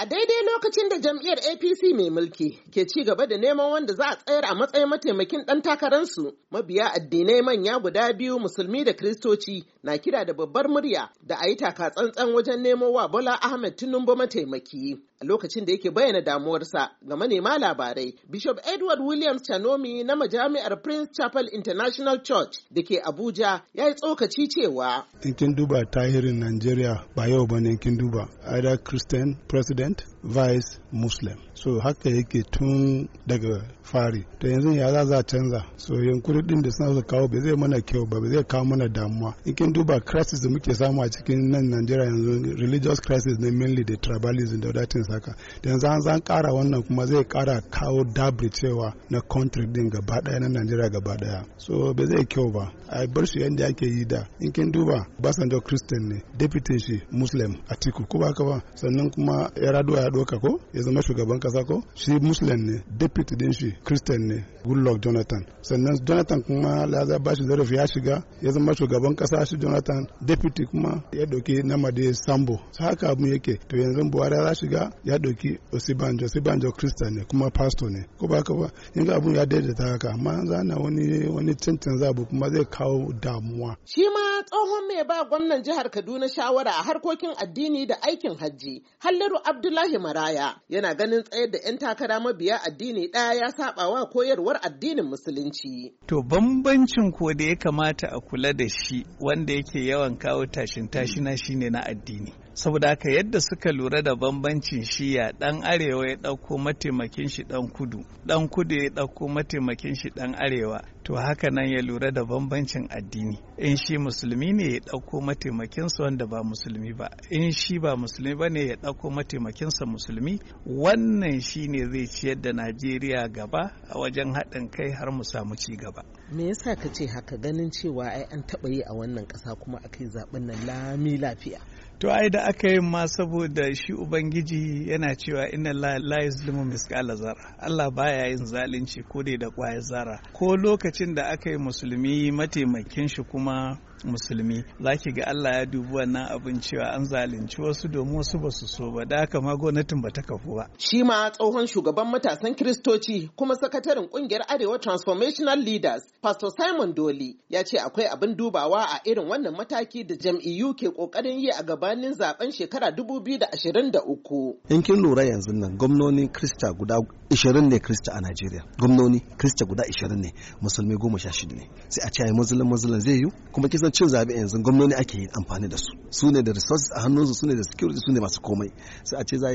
A daidai lokacin da jam'iyyar APC mai mulki ke ci gaba da neman wanda za a tsayar a matsayin mataimakin ɗan takararsu, mabiya addinai manya guda biyu musulmi da kristoci na kira da babbar murya da a yi taka tsantsan wajen nemo wa Bola Ahmed Tinubu mataimaki. a lokacin da yake bayyana damuwarsa ga manema labarai bishop edward williams chanomi na majami'ar prince chapel international church da ke abuja ya yi tsokaci cewa in kin duba tahirin nigeria ba yau ba ne kin duba either christian president vice muslim so haka yake tun daga fari to yanzu ya za a canza so yankuri din da suna kawo ba zai mana kyau ba ba zai kawo mana damuwa in kin duba crisis da muke samu a cikin nan Najeriya yanzu religious crisis ne mainly da tribalism da datin saka da yanzu an zan kara wannan kuma zai kara kawo dabri cewa na country din gaba daya na Najeriya gaba daya so ba zai kyau ba a bar shi yadda ake yi da in kin duba basanjo christian ne deputy shi muslim tiku ko ba ba sannan kuma yaraduwa ya doka ko ya zama shugaban kasa ko shi muslim ne deputy din shi christian ne goodluck jonathan sannan jonathan kuma laza ba shi zarafi ya shiga ya zama shugaban kasa shi jonathan deputy kuma ya doki namade sambo haka abu yake to yanzu buhari ya shiga ya doki osibanjo osibanjo christian ne kuma pastor ne ko ba ba in ga abun ya daidaita haka amma za na wani wani cancan zabu kuma zai kawo damuwa. Shi ma tsohon mai ba gwamnan jihar Kaduna shawara a harkokin addini da aikin hajji, Halliru Abdullahi Maraya yana ganin tsayar da 'yan takara mabiya addini ɗaya ya saba wa koyarwar addinin Musulunci. To bambancin ko da ya kamata a kula da shi wanda yake yawan kawo tashin tashina shine na addini. saboda haka yadda suka lura da bambancin shiya dan arewa ya ɗauko mataimakin shi dan kudu dan kudu ya ɗauko mataimakin shi dan arewa to haka nan ya lura da bambancin addini in shi musulmi ne ya ɗauko mataimakinsa wanda ba musulmi ba in shi ba musulmi ba ne ya ɗauko mataimakinsa musulmi wannan shi ne zai ciyar da najeriya gaba a wajen haɗin kai har mu samu ci gaba me yasa ka ce haka ganin cewa ai an taɓa yi a wannan ƙasa kuma aka yi zaɓen nan lami lafiya to ai da aka yi ma saboda shi ubangiji yana cewa inna la yuzlimu miskala zara Allah baya yin zalunci ko dai da kwaya zara ko lokacin da aka yi musulmi mataimakin shi kuma musulmi zaki ga Allah ya dubi wannan abin cewa an zalunci wasu domin wasu ba su so ba da haka ma gwamnatin ba ta kafu ba shi ma tsohon shugaban matasan kristoci kuma sakataren kungiyar arewa transformational leaders pastor simon doli ya ce akwai abin dubawa a irin wannan mataki da jam'iyyu ke kokarin yi a gaba gabanin zaben shekara 2023. In kin lura yanzu nan gwamnoni Krista guda 20 ne Krista a Najeriya. Gwamnoni Krista guda 20 ne, musulmi 16 ne. Sai a ce ai musulun musulun zai yi kuma kisan cin zabe yanzu gwamnoni ake yin amfani da su. Su ne da resources a hannunsu, su ne da security, su ne masu komai. Sai a ce za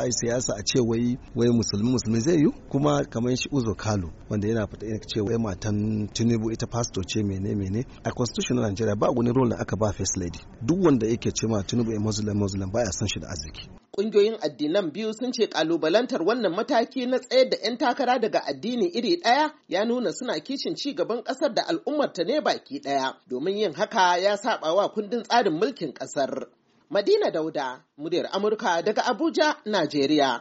a yi siyasa a ce wai wai musulmi musulmi zai yi kuma kamar shi Uzo Kalu wanda yana fita yana ce wai matan Tinubu ita pastor ce mene mene. A constitution na Najeriya ba wani role da aka ba first lady. Duk wanda yake ce ma Tinubu a Muslim Muslim ba ya san shi da arziki. Ƙungiyoyin addinan biyu sun ce kalubalantar wannan mataki na tsayar da 'yan takara daga addini iri ɗaya ya nuna suna kishin ci gaban ƙasar da al'ummar ta ne baki ɗaya domin yin haka ya saɓa wa kundin tsarin mulkin ƙasar. Madina Dauda, muryar Amurka daga Abuja, Najeriya.